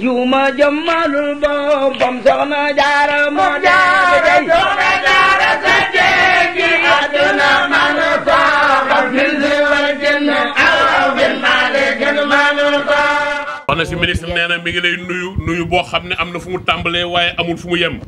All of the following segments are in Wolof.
juma jamalul boppam soxna jaara moo jaara soxna jaara sa jéggi àdduna manu saaxal fil si war jënd aw bin maale gën manu saaxal wax na si ministre nee na mi ngi lay nuyu nuyu boo xam ne am na fu mu tàmbalee waaye amul fu mu yem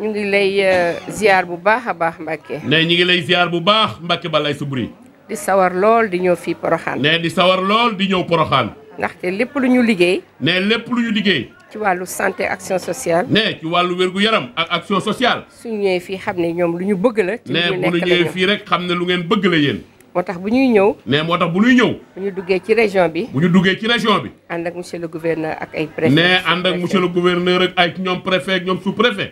ñu ngi lay euh, ziar bu baax a baax Mbacke ne ñu ngi lay ziar bu baax Mbacke Balaye Soubri di sawar lool di ñëw fii poroxaan. nee di sawar lool di ñëw poroxaan. ndaxte lépp lu ñu liggéey. nee lépp lu ñu liggéey. ci wàllu santé action sociale. nee ci wàllu wér-gu-yaram ak action sociale. suñu ñëwee fii xam ne ñoom lu ñu bëgg la. nee bu ñu ñëwee fii rek xam ne lu ngeen bëgg la yéen. moo tax bu ñuy ñëw. nee moo tax bu ñuy ñëw. bu ñu duggee ci région bi. bu ñu duggee ci région bi. ànd ak monsieur le gouverneur ak ay préfet. nee ànd ak monsieur le gouverneur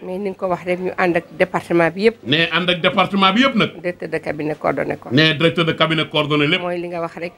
ni nga ko wax rek ñu ànd ak département bi yëpp. nee ànd ak département bi yëpp nag. directeur de cabinet coordonné ko. nee directeur lépp. mooy li nga wax rek.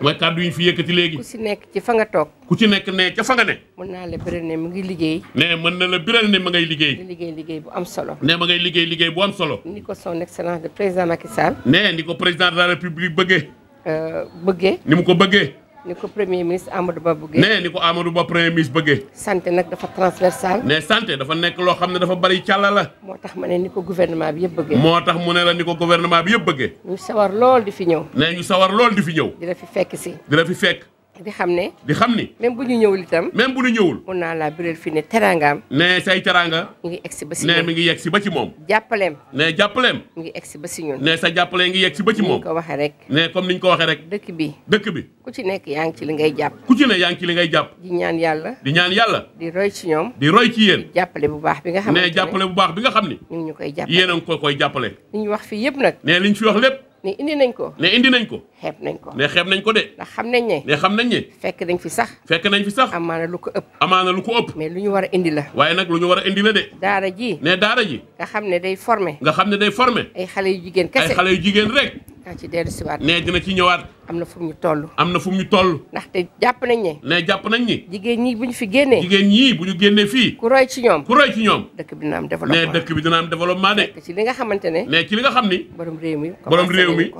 mooy kàddu yi ñu fi yëkkati léegi. ku ci nekk ci fa nga toog. ku ci nekk ne ca fa nga ne. mën naa la biral ne mu ngi liggéey. ne mën na la biral ne ma ngay liggéey. di liggéey liggéey bu am solo. ne ma ngay liggéey liggéey bu am solo. ni ko son excellence de président Macky Sall. ne ni ko président de la république bëggee. Euh, bëggee. ni mu ko bëggee. ni ko premier ministre Amadou Ba bëggee. nee ni ko Amadou Ba premier ministre bëggee. santé nag dafa transversal. ne santé dafa nekk loo xam ne dafa bari càlla la. moo tax ma ne ni ko gouvernement bi yëpp bëggee. moo tax mu ne la ni ko gouvernement bi yëpp bëggee. ñu sawar lool di fi ñëw. nee ñu sawar lool di fi ñëw. di la fi fekk si. di la fi fekk. di xam ne di xam ni même bu ñu ñëwul itam même bu ñu ñëwul mun naa laa biral fii ne teraangaam ne say teraanga mi ngi egsi ba si ne mi ngi yegg si ba ci moom jàppaleem ne jàppaleem mi ngi egsi ba si ñun ne sa jàppale ngi yegg si ba ci moom ko waxee rek ne comme ni ñu ko waxee rek dëkk bi dëkk bi ku ci nekk yaa ngi ci li ngay jàpp ku ci ne yaa ngi ci li ngay jàpp di ñaan yàlla di ñaan yàlla di roy ci ñoom di roy ci yéen jàppale bu baax bi nga xam ne jàppale bu baax bi nga xam ni ñu ngi ñu koy jàppale yéen a ngi ko koy jàppale li ñu wax fii yëpp nag ne li ñu fi wax lépp ne indi nañ ko. ne indi nañ ko. xeeb nañ ko ne xeeb nañ ko de. ndax xam nañ ne. ne xam nañ ne. fekk nañ fi sax. fekk nañ fi sax. amaana lu ko ëpp. amaana lu ko ëpp. mais lu ñu war a indi la. waaye nag lu ñu war a indi la de. daara ji. ne daara ji. nga xam ne day formé. nga xam ne day formé. ay xale yu jigéen kese ay xale yu jigéen rek. daa ci dellusiwaat. ne dina ci ñëwaat. am na fu ñu toll. am na fu ñu toll. ndaxte jàpp nañ ne. ne jàpp nañ ni. jigéen ñi bu ñu fi génnee. jigéen ñi bu ñu génnee fii. ku roy ci ñoom. ku ci ñoom. dëkk bi dina am développement ne dëkk bi dina am développement ci li nga xamante ne. ne ci li nga xam ni. borom réew mi borom réew mi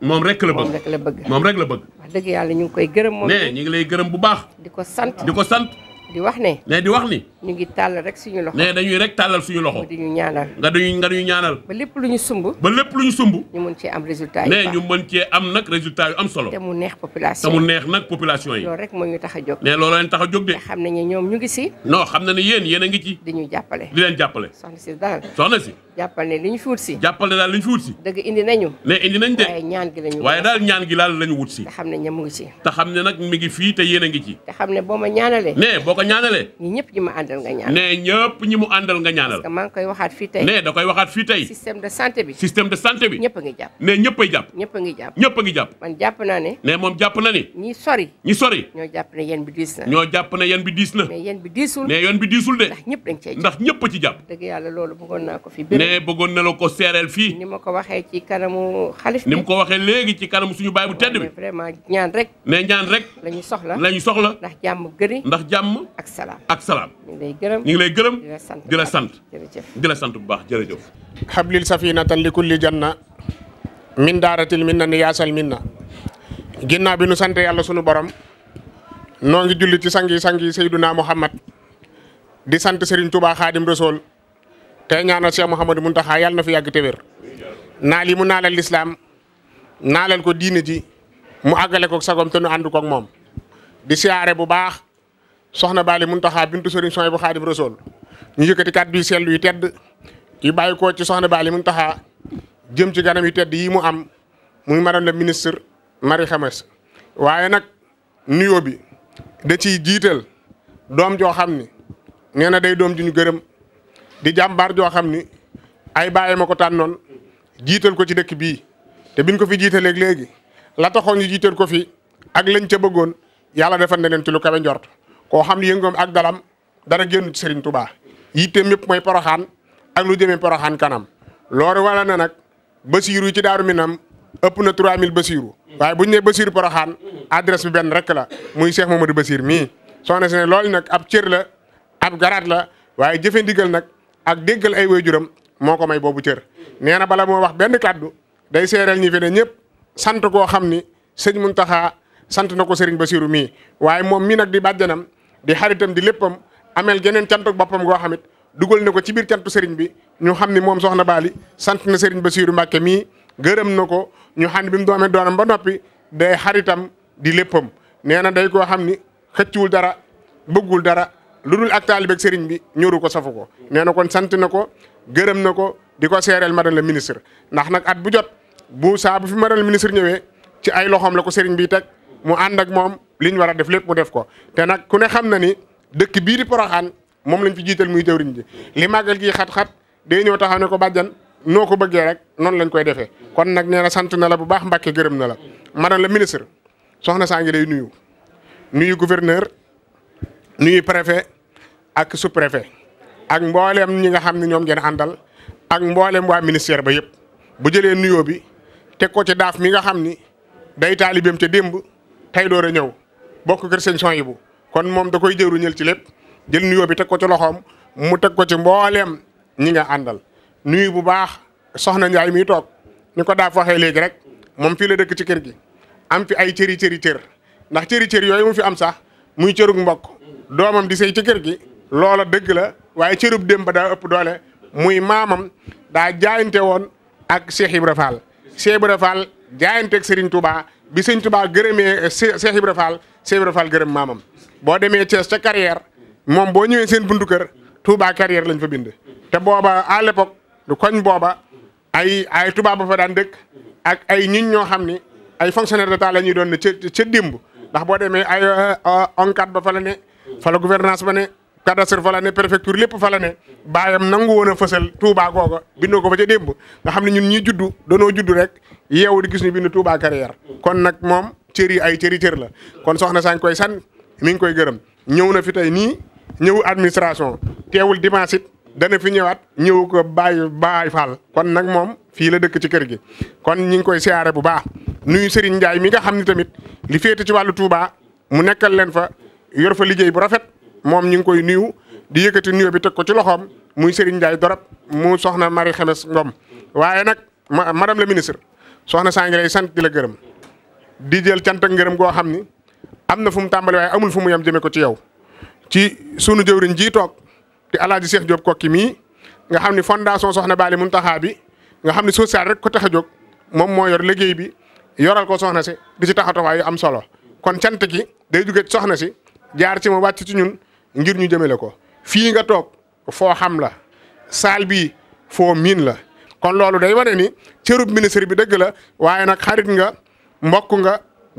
moom rek la bëgg moom rek la bëgg. moom rek la bëgg. wax dëgg yàlla ñu ngi koy gërëm moom. ne ñu ngi lay gërëm bu baax. di ko sant di ko sant. di wax ne. ne di wax ni. ñu ngi tàllal rek suñu loxo. ne dañuy rek tàllal suñu loxo. di ñu ñaanal. nga duñu nga duñu ñaanal. ba lépp lu ñu sumb. ba lépp lu ñu sumb. ñu mën cee am résultat yu baax ne ñu mën cee am nag résultat yu am solo. te mu neex population te neex nag population yi. loolu rek moo ñu tax a jóg. ne loolu leen tax a jóg de. te xam nañ ne ñoom ñu ngi si. non xam na ne yéen yéen ngi ci. di ñu jàppale di leen jàppale. soxna si daal soxna si. jàppal ne li fi wut si. jàppal fi wut si. indi nañu. ne indi nañ de waaye daal ñaan gi daal la ñu wut xam ne nag mi ngi fii te yéen a ngi ci. te xam ne boo ma ñaanalee. ne boo ko ñaanalee. ñi ñëpp ñi ma àndal nga ñaanal. ne ñëpp ñi mu àndal nga ñaanal. ne da ñëpp a ngi jàpp. ne ñëpp ne. moom jàpp na ni. ñi sori. ñi sori. ñoo jàpp ne yéen bi diis na. ñoo jàpp ne yéen bi diis na. mais yéen bi diisul. ne yéen bi diisul de. ndax ñëpp dañ ci jàpp. dëgg yàlla ne bëggoon na la ko seereel fii. ni ma ko waxee ci kanamu xalif ni mu ko waxee léegi ci kanamu suñu baay bu tedd bi. vraiment ñaan rek. ne ñaan rek. la ñu soxla la ñu soxla. ndax jàmm gëri. ndax jàmm. ak salaam ak salaam. ñu ngi lay gërëm ñu ngi lay gërëm. di la sant di la sant bu baax jërëjëf. xablil safinatan li kulli janna. min daaratil minna ni yaasal minna. ginnaaw bi nu sant yàlla sunu borom. noo ngi julli ci sangi sangi Seyduna Muhammad di sant Serigne Touba Khadim Rasoul tey ñaanal Cheikh mun Mountakha yàlla na fi yàgg te wér naal yi mu naalal lislaam naalal ko diine ji mu àggale ko sagom te nu ànd koog moom. di siyaare bu baax soxna Bali Mountakha bintu Serigne Souhaïbou Khadim Rassoul ñu yëkkati kàddu yu sell tedd yu bàyyi koo ci soxna baal Bali Mountakha jëm ci ganam yi tedd yii mu am muy madame la ministre Marie Khemesse waaye nag nuyoo bi da ciy jiital doom joo xam ni nee na day doom ju ñu gërëm. di jàmbaar joo xam ni ay bàyyi ma ko tànnoon jiital ko ci dëkk bii te biñ ko fi jiitaleeg léegi la taxoon ñu jiital ko fi ak lañ ca bëggoon yàlla defal na leen ci lu kawe njort koo xam ni ak dalam dara génn ci Serigne Touba yitteem yëpp mooy Porokhane ak lu jëmee Porokhane kanam loolu wala na nag Basiiru ci Daaru Minam ëpp na 3000 Basiiru waaye bu ne nee Basiiru Porokhane adresse bi benn rek la muy Cheikh di Basiir mii soxna si ne loolu nag ab cër la ab garaat la waaye jëfe nag. ak dénkal ay waajuram moo ko may boobu cër nee na bala moo wax benn kàddu day seereel ñi fi ne ñëpp sant koo xam ni sëñ Muntaxa sant na ko sëriñ Basiru mii waaye moom mii nag di bàjjanam di xaritam di léppam ameel geneen cantuk boppam goo xamit dugal na ko ci biir cantu sëriñ bi ñu xam ni moom soxna Baali sant na sëriñ Basiru Mbàkke mii gërëm na ko ñu xam ne bi mu doomee doonam ba noppi day xaritam di léppam nee day koo xam ni xëcciwul dara bëggul lu dul ak taalibe ak sëriñ bi ñoru ko safu ko nee na kon sant na ko gërëm na ko di ko seereel madame la ministre ndax nag at bu jot buu saabu bu fi madame la ministre ñëwee ci ay loxoom la ko sëriñ bi teg mu ànd ak moom li ñu war a def lépp mu def ko te nag ku ne xam na ni dëkk bii di Poroxaan moom lañ fi jiital muy jëwriñ ji li màggal gi xat-xat day ñëw taxaw ne ko bàjjan noo ko bëggee rek noonu lañ koy defee kon nag nee sant na la bu baax Mbàkke gërëm na la madame la ministre soxna saa ngi day nuyu nuyu ak sous-préfet ak mboolem ñi nga xam ne ñoom ngeen àndal ak mboolem waa ministère ba yëpp bu jëlee nuyoo bi teg ko ci daaf mi nga xam ni day taalibeem ca démb tey door a ñëw bokk kër sëñ Soyibu kon moom da koy ñël ci lépp jël nuyoo bi teg ko ci loxoom mu teg ko ci mbooleem ñi nga àndal nuyu bu baax soxna Njaay mi toog ni ko daaf waxee léegi rek moom fii la dëkk ci kër gi am fi ay cëri cëri cër ndax cëri cër yooyu mu fi am sax muy cërug mbokk doomam loola dëgg la waaye cërub démb ba daa ëpp doole muy maamam daa jaayante woon ak Cheikh Ibra Fall Cheikh Ibra Fall jaayante ak Serigne Touba bi Serigne Touba gërëmee Cheikh Ibra Fall Cheikh Ibra Fall maamam boo demee Thiès ca carrière moom boo ñëwee seen buntu kër Touba carrière lañ fa bind. te booba à l'époque du koñ booba ay ay tubaab ba fa daan dëkk ak ay ñun ñoo xam ni ay fonctionnaire d'État la ñuy doon ne ca ca démb ndax boo demee ay euh, onkat ba fa la ne fa la gouvernance ba ne. cadastre fa la ne préfecture lépp fa la ne baayam nangu woon a fësal Touba googa bindoo ko ba ca démb nga xam ne ñun ñi juddu danoo juddu rek yeewu di gis ñu bind Touba carrière kon nag moom cër yi ay cëri cër la kon soxna saañ koy san mi ngi koy gërëm ñëw na fi tey nii ñëw administration teewul dimanche it dana fi ñëwaat ñëw ko Baye Baye Fall kon nag moom fii la dëkk ci kër gi kon ñu ngi koy siyaare bu baax nuyu Serigne Ndiaye mi nga xam ni tamit li féete ci wàllu Touba mu nekkal leen fa yor liggéey bu rafet moom ñu ngi koy nuyu di yëkkati nuyu bi teg ko ci loxoom muy Serigne Ndiaye Dorab mu soxna Marie Xemes Ngom waaye nag ma madame la ministre soxna saa ngi sant di la gërëm di jël cant ak ngërëm goo xam ni am na fu mu tàmbali waaye amul fu mu yem jëmee ko ci yow ci sunu jëwriñ ji toog di alaaji Cheikh Diop kokki mii nga xam ni fondation soxna Baali taxaa bi nga xam ni social rek ko tax jóg moom moo yor liggéey bi yoral ko soxna si di ci taxatawaay yu am solo kon cant gi day jóge soxna si jaar ci mu wàcc ci ñun ngir ñu jëmale ko fii nga toog foo xam la saal bi foo miin la kon loolu day wane ni cërub ministre bi dëgg la waaye nag xarit nga mbokk nga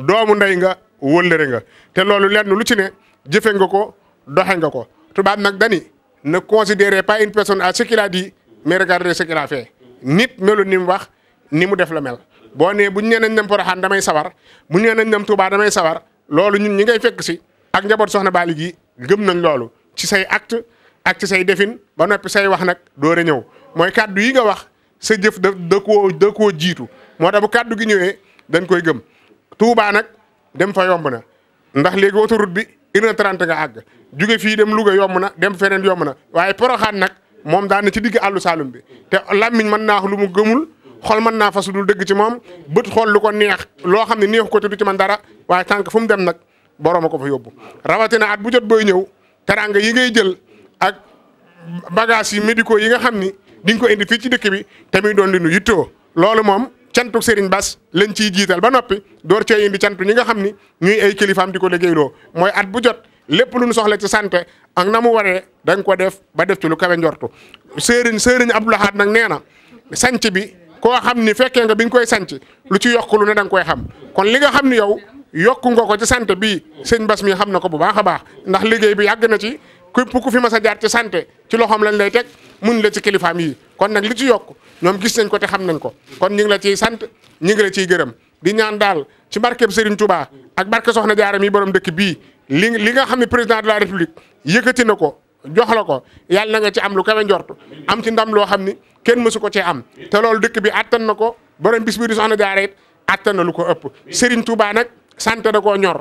doomu ndey nga wëllëre nga te loolu lenn lu ci ne jëfe nga ko doxe nga ko tubaab nag dani na considérez pas une personne à ce qu'il a dit mais regardez ce qu'il a nit melu ni mu wax ni mu def la mel boo nee bu ñu nee nañ dem Porokhane damay sawar bu ñu nee nañ damay sawar loolu ñun ñi ngay fekk si ak njaboot soxna Bali gi gëm nañ loolu ci say acte ak ci say defin ba noppi say wax nag door a ñëw mooy kàddu yi nga wax sa jëf da da koo jiitu moo da bu kàddu gi ñëwee dañ koy gëm Touba nag dem fa yomb na ndax léegi autoroute bi une a trente nga àgg jóge fii dem Louga yomb na dem feneen yomb na waaye Porokhane nag moom daan na ci digg àllu Saalum bi te làmmiñ mën naa wax lu mu gëmul xol mën naa fa dul dëgg ci moom bët xool lu ko neex loo xam ne neexu ko te du ci man dara waaye tànk fu mu dem nag borom a ko fa yóbbu rawatina at bu jot booy ñëw teraanga yi ngay jël ak bagage yi médicaux yi nga xam ni di ko indi fii ci dëkk bi tamit doon li nu yittoo loolu moom cantu Serigne Bass leen ciy jiital ba noppi door cee indi cantu ñi nga xam ni ñuy ay kilifaam di ko liggéeyloo mooy at bu jot lépp lu nu soxla ci santé ak na mu waree da nga ko def ba def ci lu kawe njortu Serigne Serigne Abdou Lahad nag nee na sanc bi koo xam ni fekkee nga bi nga koy sanc lu ci yokk lu ne da koy xam li nga xam ni yow yokk nga ko ci santé bii sëñ Bass mii xam na ko bu baax a baax ndax liggéey bi yàgg na ci képp ku fi mas a jaar ci santé ci loxoom lañ lay teg mun la ci kilifaam yi kon nag li ci yokk ñoom gis nañ ko te xam nañ ko kon ñu la ciy sant ñu ngi la ciy gërëm di ñaan daal ci barkeb Serigne Touba ak barke Soxna Jaara mii borom dëkk bii li li nga xam ne président de la république yëkkati na ko jox la ko yàlla na nga ci am lu kawe njort am ci ndam loo xam ni kenn mësu ko cee am te loolu dëkk bi attan na ko borom bis bii di Soxna Jaara it attan na ko ëpp Serigne Touba nag. santé da koo ñor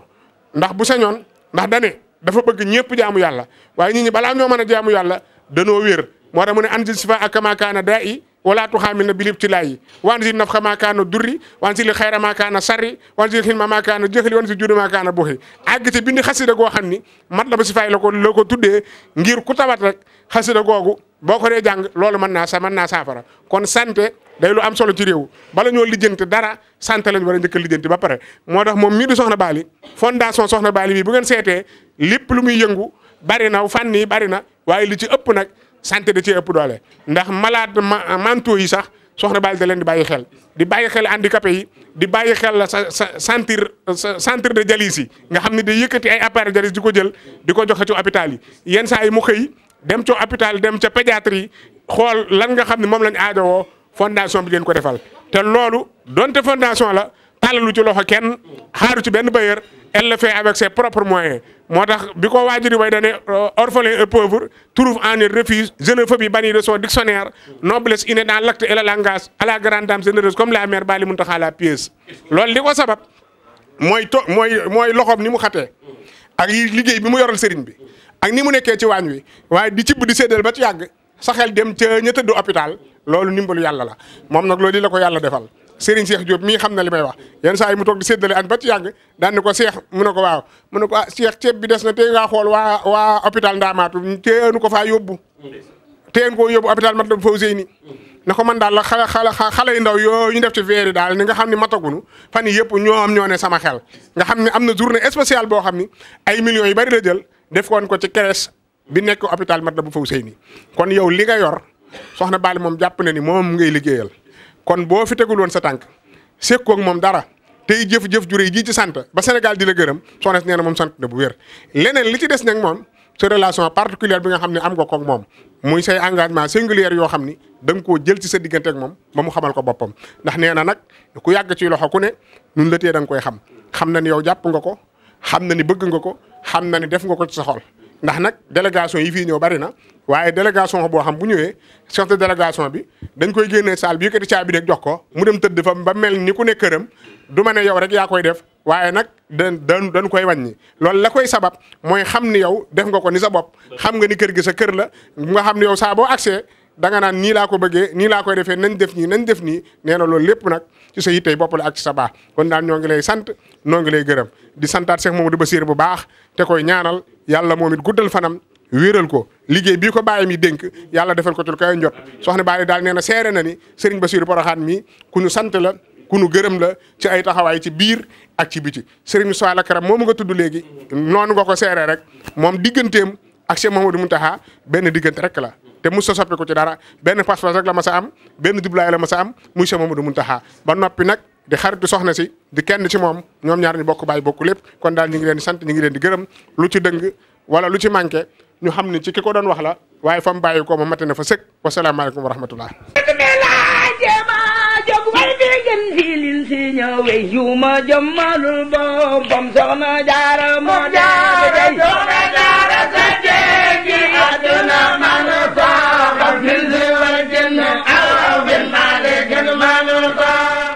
ndax bu sañoon ndax dane dafa bëgg ñëpp jaamu yàlla waaye nit ñi balaa ñoo mën a jaamu yàlla danoo wér moo tax mu ne anzil sifa ak maakaana daa i wala tuxaamil na bilib ci laay wan si naf xa maakaana durri wan si li xayra maakaana sarri wan si xilma maakaana jëxli wan si juddu maakaana buxi àgg ci bindi xasida goo xam ni mat la ba si fay la ko la ko tuddee ngir ku tawat rek xasida googu boo ko dee jàng loolu mën naa sa mën naa saafara kon santé day lu am solo ci réew bala ñoo lijjanti dara santé lañ war njëkk a lijjanti ba pare moo tax moom mii di soxna Baali fondation soxna Baali bi bu ngeen seetee lépp lu muy yëngu bari na fànn yi bari na waaye li ci ëpp nag santé da ci ëpp doole ndax malade mentaux yi sax soxna Baali da leen di bàyyi xel di bàyyi xel handicapé yi di bàyyi xel sa sa centre centre de dialyse yi nga xam ne day yëkkati ay appareil dialyse di ko jël di ko jox ci hôpital yi yenn saa yi mu xëy dem ca hôpital dem ca pédiatrie xool lan nga xam ne moom lañ aajowoo fondation bi leen ko defal te loolu donte fondation la tàllalu ci loxo kenn xaaru ci benn bailleur elle le fait avec ses propres moyens moo tax bi ko waajuri way dane euh, orphelin et pauvre trouve en un refuge xénophobie bannie de son dictionnaire noblesse innée dans l'acte et le langage la grande dame généreuse comme la mère Baali Muntaxa la pièce loolu li ko sabab mooy to mooy mooy loxoom ni mu xatee ak yi liggéey bi mu yoral sëriñ bi ak ni mu nekkee ci waañ wi waaye di cibb di séddal ba ci yàgg sa xel dem ca ña tëdd hôpital loolu ndimbalu yàlla la moom nag loolu la ko yàlla defal Serigne Cheikh Diop mii xam na li may wax yenn saa yi mu toog di séddale añ ba ci yàgg daan ne ko Cheikh mu ne ko waaw mu ne ko ah Cheikh ceeb bi des na tey xool waa waa hôpital Ndaamaatu teenu ko faa yóbbu teen koo yóbbu hôpital Matlaboul ni na ko man daal la xale xale xale yu ndaw yooyu ñu def ci veer yi daal ni nga xam ne matagunu fan yii yëpp ñoo am ñoo ne sama xel nga xam ne am na journée spéciale boo xam ni ay millions yu bari la jël defoon ko ci kerees bi nekk hôpital Matlaboul Fawzeyni kon yow li nga yor soxna baal moom jàpp na ni moom ngay liggéeyal kon boo fi tegul woon sa tànk sekkoo ak moom dara tey jëf-jëf jure yi ci sant ba Sénégal di la gërëm soxna si nee moom sant na bu wér leneen li ci des nag moom sa relation particulière bi nga xam ne am nga koog moom muy say engagement singulier yoo xam ni da koo jël ci sa diggante moom ba mu xamal ko boppam ndax nee na nag ku yàgg ci loxo ku ne ñun la koy xam xam na ni yow jàpp nga ko xam na ni bëgg nga ko xam na ni def nga ko ci sa xol ndax nag délégation yi fii ñëw bari na waaye delegation boo xam bu ñëwee chef delegation bi dañ koy génnee salle bi yëkkati caabi rek jox ko mu dem tëdd fa ba mel ni ku ne këram du ma ne yow rek yaa koy def waaye nag dan dan dañ koy wàññi loolu la koy sabab mooy xam ni yow def nga ko ni sa bopp xam nga ni kër gi sa kër la nga xam ni yow saa boo accès danga naan nii laa ko bëggee nii laa koy defee nañ def nii nañ def nii nee na loolu lépp nag ci sa yittey bopp la ak ci sa baax kon daal ñoo ngi lay sant ñoo ngi lay gërëm di santaat Cheikh Mamadou Bassir bu baax te koy ñaanal yàlla moom it fanam wéeral ko liggéey bii ko bàyyi mi dénk yàlla defal ko ci lu koy njot soxna Baali daal nee na seere na ni Serigne Bassirou Porokhane mi ku ñu sant la ku nu gërëm la ci ay taxawaay ci biir ak ci biti Serigne Moussa Lakaram moomu nga tudd léegi noonu nga ko seere rek moom digganteem ak Cheikh Mamadou Mountakha benn diggante rek la te mos sa soppiku ci dara benn pas-pas rek la ma sa am benn jublaay la ma sa am muy sa Mamadou Muntaxa ba noppi nag di xaritu soxna si di kenn ci moom ñoom ñaar ñu bokk bàyyi bokk lépp kon daal ñu ngi leen di sant ñu leen di gërëm lu ci dëng wala lu ci manqué ñu xam ne ci ki ko doon wax la waaye fa mu bàyyi ko ma mate na fa sëkk wa rahmatullah ma jëmalul boppam soxna jaara أو بالنادي كن ما نطاق